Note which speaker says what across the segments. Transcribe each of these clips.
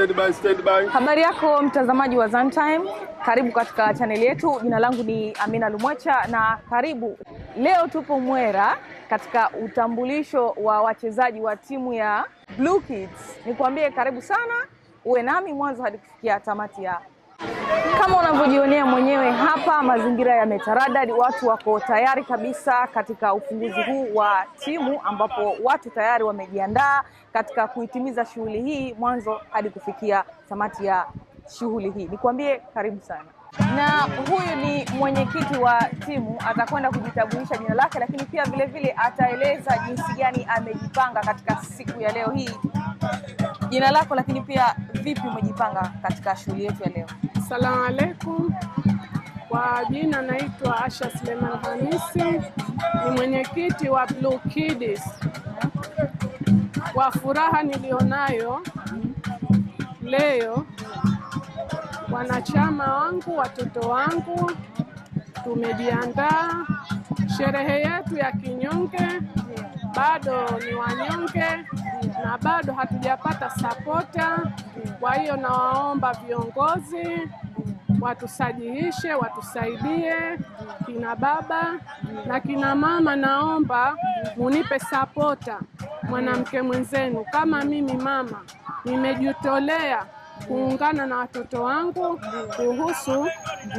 Speaker 1: Stand by, stand by.
Speaker 2: Habari yako mtazamaji wa Zantime, karibu katika chaneli yetu. Jina langu ni Amina Lumwacha na karibu. Leo tupo Mwera katika utambulisho wa wachezaji wa timu ya Blue Kids. Nikwambie karibu sana, uwe nami mwanzo hadi kufikia tamati ya kama unavyojionea mwenyewe hapa, mazingira yametaradadi, watu wako tayari kabisa katika ufunguzi huu wa timu, ambapo watu tayari wamejiandaa katika kuitimiza shughuli hii mwanzo hadi kufikia tamati ya shughuli hii. Nikwambie karibu sana na huyu ni mwenyekiti wa timu, atakwenda kujitambulisha jina lake, lakini pia vilevile ataeleza jinsi gani amejipanga katika siku ya leo hii. Jina lako, lakini pia vipi umejipanga katika shughuli yetu ya leo?
Speaker 3: Assalamu alaikum. Kwa jina naitwa Asha Suleiman Hamisi, ni mwenyekiti wa Blue Kids. Kwa furaha nilionayo leo, wanachama wangu, watoto wangu, tumejiandaa sherehe yetu ya kinyonge. Bado ni wanyonge na bado hatujapata sapota, kwa hiyo nawaomba viongozi watusajihishe, watusaidie kina baba na kina mama. Naomba munipe sapota mwanamke mwenzenu, kama mimi mama nimejitolea kuungana na watoto wangu kuhusu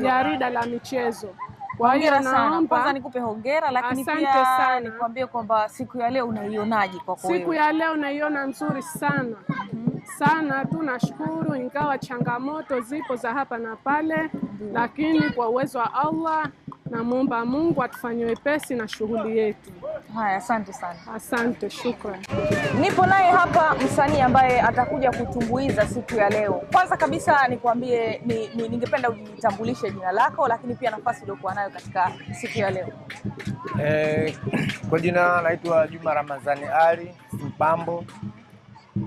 Speaker 3: jarida la michezo.
Speaker 2: Kwa hiyo naomba kwanza nikupe hongera, lakini pia nikwambie kwamba siku ya leo unaionaje? Kwa
Speaker 3: kweli siku ya leo naiona nzuri sana sana tu, nashukuru. Ingawa changamoto zipo za hapa na pale, lakini kwa uwezo wa Allah namwomba Mungu atufanye wepesi na shughuli yetu.
Speaker 2: Haya, asante sana.
Speaker 3: Asante, shukrani.
Speaker 2: Nipo naye hapa msanii ambaye atakuja kutumbuiza siku ya leo. Kwanza kabisa nikuambie ni, ni, ningependa ujitambulishe jina lako, lakini pia nafasi uliokuwa nayo katika siku ya leo.
Speaker 4: Eh, kwa jina naitwa Juma ramazani Ali Mpambo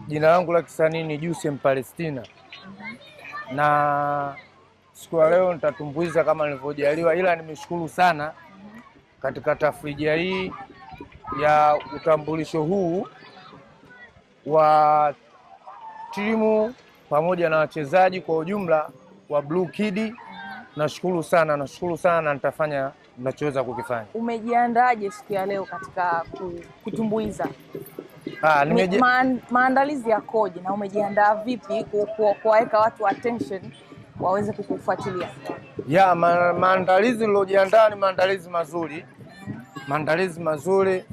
Speaker 4: Jina langu la kisanii ni Juice Mpalestina mhm. na siku ya leo nitatumbuiza kama nilivyojaliwa, ila nimeshukuru sana mhm. katika tafrija hii ya utambulisho huu wa timu pamoja na wachezaji kwa ujumla wa Blue Kid. Mhm. Nashukuru sana, nashukuru sana na nitafanya nachoweza kukifanya.
Speaker 2: Umejiandaje siku ya leo katika kutumbuiza? Ah, nimeje... Ma, maandalizi yakoje na umejiandaa vipi kuwaweka watu attention waweze kukufuatilia?
Speaker 4: Ya, ma, maandalizi niliojiandaa ni maandalizi mazuri, mm-hmm. maandalizi mazuri.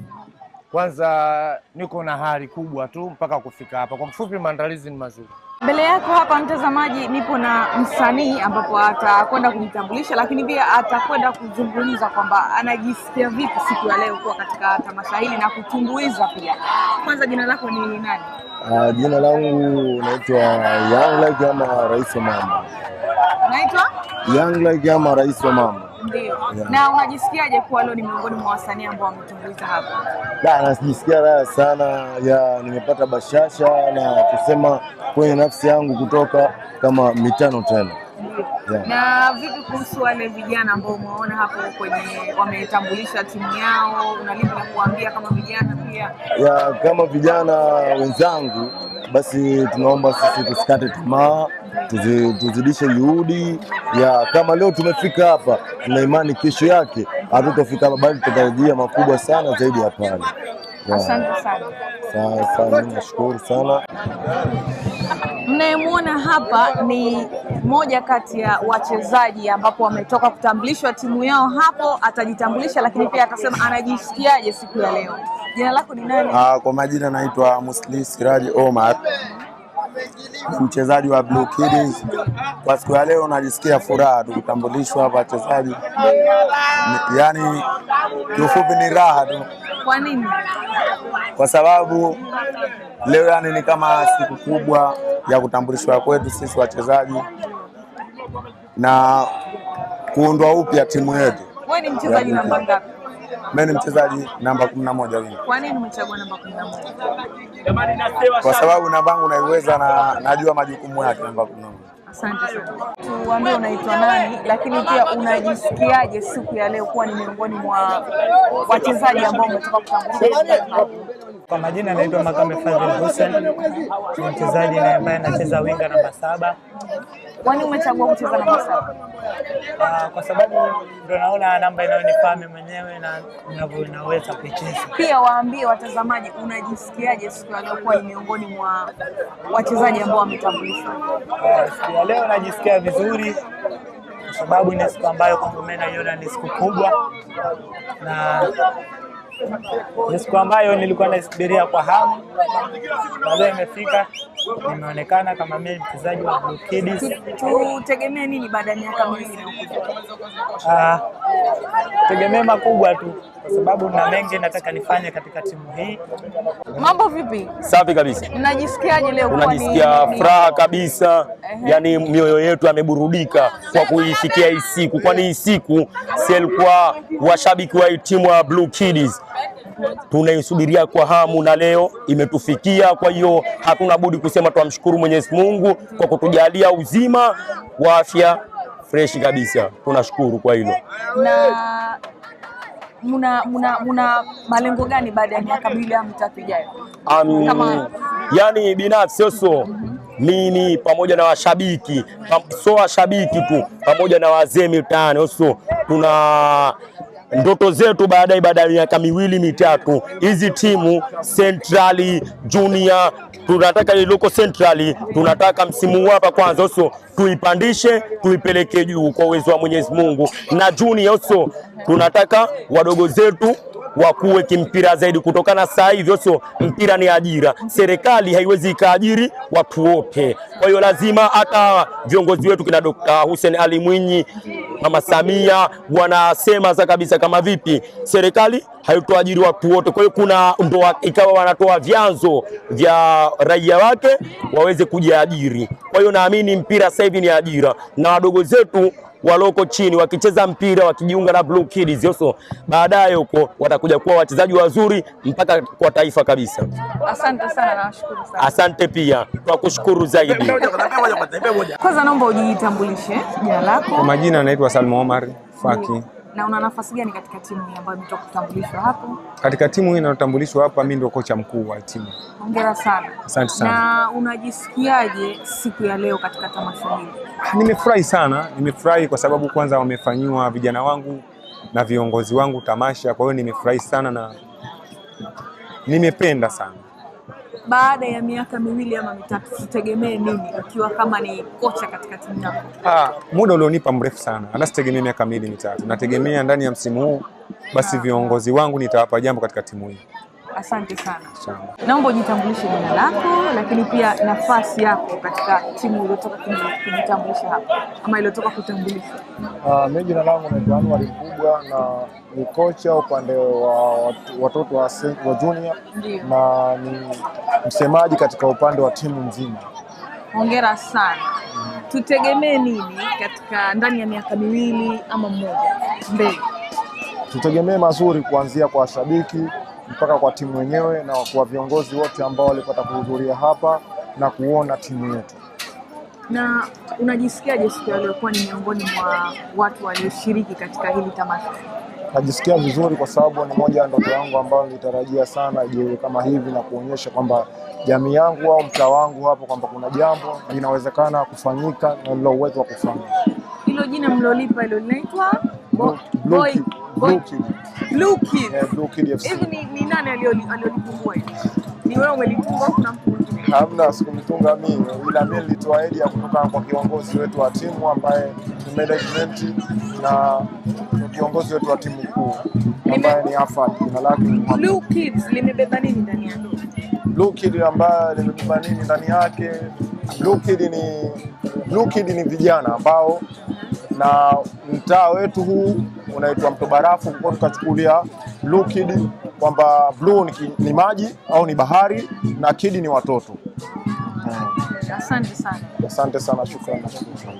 Speaker 4: Kwanza niko na hali kubwa tu mpaka kufika hapa. Kwa mfupi, maandalizi ni mazuri.
Speaker 2: Mbele yako hapa mtazamaji, nipo na msanii ambapo atakwenda kujitambulisha, lakini pia atakwenda kuzungumza kwamba anajisikia vipi siku ya leo kuwa katika tamasha hili na kutumbuiza pia. Kwanza, jina lako ni nani?
Speaker 4: Uh, jina langu naitwa Young Like ama Rais wa Mama. Naitwa Young Like ama Rais wa Mama.
Speaker 2: Ndio. Na unajisikiaje kuwa leo ni miongoni mwa wasanii ambao wametumbuiza hapa?
Speaker 4: Da, najisikia raha sana ya nimepata bashasha na kusema kwenye nafsi yangu kutoka kama mitano tena.
Speaker 2: Yeah. Na vipi kuhusu wale vijana ambao umeona hapo kwenye wametambulisha timu yao, unalipi na kuambia kama vijana pia?
Speaker 4: Yeah, kama vijana wenzangu basi tunaomba sisi tusikate tamaa tuzi, tuzidishe juhudi ya kama leo tumefika hapa, tuna imani kesho yake hatutafika hapa, bali tutarajia makubwa sana zaidi ya pale.
Speaker 2: Asante sana.
Speaker 4: Sawa nashukuru sana.
Speaker 2: Mnayemwona hapa ni moja kati ya wachezaji ambapo wametoka kutambulishwa timu yao, hapo atajitambulisha, lakini pia atasema anajisikiaje siku ya leo. Jina lako ni nani?
Speaker 4: Ah, kwa majina naitwa Muslim Siraji Omar mchezaji wa Blue Kids. Kwa siku ya leo najisikia furaha tu kutambulishwa hapa wachezaji, yaani kiufupi ni raha tu. Kwa nini? Kwa sababu leo yani ni kama siku kubwa ya kutambulishwa kwetu sisi wachezaji na kuundwa upya timu yetu.
Speaker 2: Wewe ni mchezaji yaani namba ngapi?
Speaker 4: mimi ni mchezaji namba 11 wingi.
Speaker 2: Kwa nini umechagua namba 11?
Speaker 4: Kwa sababu namba yangu naiweza na najua majukumu yake namba 11.
Speaker 2: Asante sana. Tuambie unaitwa nani, lakini pia unajisikiaje siku ya leo kuwa ni miongoni mwa wachezaji ambao umetoka kutambulika?
Speaker 4: Kwa majina naitwa Makame Fadhil Hussein, ni mchezaji naye ambaye anacheza winga namba saba.
Speaker 2: Kwani umechagua kucheza namba saba?
Speaker 4: Uh, kwa sababu ndo naona namba inayonifaa mimi mwenyewe na ninavyoweza kucheza.
Speaker 2: Pia waambie watazamaji unajisikiaje siku ya leo kuwa ni miongoni mwa wachezaji ambao wametambulishwa?
Speaker 4: Uh, siku ya leo najisikia vizuri kwa sababu ni siku ambayo kwangu mimi naiona ni siku kubwa na ni siku ambayo nilikuwa naisubiria kwa hamu, na imefika, nimeonekana kama mimi mchezaji wa Blue Kids.
Speaker 2: Tutegemee nini baada ya miaka miwili?
Speaker 4: tegemea makubwa tu, kwa sababu na mengi nataka nifanye katika timu hii.
Speaker 2: Mambo vipi?
Speaker 5: Safi kabisa.
Speaker 2: Unajisikiaje leo?
Speaker 5: Unajisikia furaha kabisa, yaani mioyo yetu ameburudika kwa kuifikia hii siku, kwani hii siku si washabiki wa timu ya Blue Kids tunaisubiria kwa hamu na leo imetufikia. Kwa hiyo hatuna budi kusema twamshukuru Mwenyezi Mungu kwa kutujalia uzima wa afya freshi kabisa, tunashukuru kwa hilo.
Speaker 2: Na muna, muna, muna malengo gani baada ya miaka miwili au mitatu ijayo?
Speaker 5: Um, kama yani binafsi oso mimi pamoja na washabiki, so washabiki tu pamoja na wazee mitaani oso tuna ndoto zetu baada ya miaka miwili mitatu, hizi timu Centrali Junior tunataka iloko Centrali, tunataka msimu huu hapa kwanza oso tuipandishe, tuipeleke juu kwa uwezo wa Mwenyezi Mungu, na Junior oso tunataka wadogo zetu wakuwe kimpira zaidi, kutokana saa hivyo, sio mpira ni ajira. Serikali haiwezi ikaajiri watu wote, kwa hiyo lazima hata viongozi wetu kina Dr. Hussein Ali Mwinyi, Mama Samia wanasema za kabisa, kama vipi serikali haitoajiri watu wote. Kwa hiyo kuna ndo ikawa wanatoa vyanzo vya raia wake waweze kujiajiri. Kwa hiyo naamini mpira sasa hivi ni ajira na wadogo zetu waloko chini wakicheza mpira wakijiunga na Blue Kids yoso, baadaye huko watakuja kuwa wachezaji wazuri mpaka kwa taifa kabisa.
Speaker 2: Asante sana, nashukuru sana.
Speaker 5: Asante pia kwa kushukuru zaidi.
Speaker 2: Kwanza naomba ujitambulishe jina lako.
Speaker 4: Kwa majina anaitwa Salma Omar Faki. Mm
Speaker 2: na una nafasi gani katika timu hii ambayo imetoka kutambulishwa hapo?
Speaker 4: Katika timu hii inayotambulishwa hapa, mimi ndio kocha mkuu wa timu.
Speaker 2: Hongera sana. Asante sana. Na unajisikiaje siku ya leo katika tamasha hili?
Speaker 4: Nimefurahi sana, nimefurahi kwa sababu kwanza wamefanyiwa vijana wangu na viongozi wangu tamasha, kwa hiyo nimefurahi sana na nimependa sana
Speaker 2: baada ya miaka miwili ama mitatu sitegemee nini ukiwa kama ni kocha katika timu yako?
Speaker 4: Ah, muda ulionipa mrefu sana, hata sitegemee miaka miwili mitatu. Nategemea ndani ya msimu huu basi viongozi wangu nitawapa jambo katika timu hii.
Speaker 2: Asante sana. Naomba ujitambulishe jina lako, lakini pia nafasi yako katika timu iliyotoka kujitambulisha hapa ama iliyotoka kutambulisha.
Speaker 4: Uh, ah, mimi jina langu ni Anwar Mkubwa na ni kocha upande wa watoto wa, wa junior Ndiyo. na ni msemaji katika upande wa timu nzima.
Speaker 2: Hongera sana. Mm. Tutegemee nini katika ndani ya miaka miwili ama mmoja mbele?
Speaker 4: Tutegemee mazuri kuanzia kwa washabiki mpaka kwa timu wenyewe na kwa viongozi wote ambao walipata kuhudhuria hapa na kuona timu yetu.
Speaker 2: Na unajisikiaje siku ya leo kuwa ni miongoni mwa watu walioshiriki katika hili tamasha?
Speaker 4: Najisikia vizuri kwa sababu ni moja ya ndoto yangu ambayo nilitarajia sana jiwe kama hivi na kuonyesha kwamba jamii yangu au mtaa wangu hapo kwamba kuna jambo linawezekana kufanyika na lilo uwezo wa kufanya.
Speaker 2: Hilo jina mlolipa hilo linaitwa Blue Kid eh, FC nani aliyolipungua hili? Ni wewe umelitunga, kuna mtu mwingine?
Speaker 4: Hamna, sikunitunga mimi, ila mimi nilitoa idea kutoka kwa kiongozi wetu wa timu ambaye ni management na kiongozi wetu wa timu kuu ambaye ni Afad, jina lake
Speaker 2: Blue Kids. Limebeba nini ndani yake?
Speaker 4: Blue Kid ambaye limebeba nini ndani yake? Blue Kid ni Blue Kid ni vijana ambao na mtaa wetu huu unaitwa Mtobarafu, kwa tukachukulia Blue Kid kwamba blue ni, ni maji au ni bahari na kidi ni watoto.
Speaker 2: Asante sana.
Speaker 4: Asante sana, shukrani.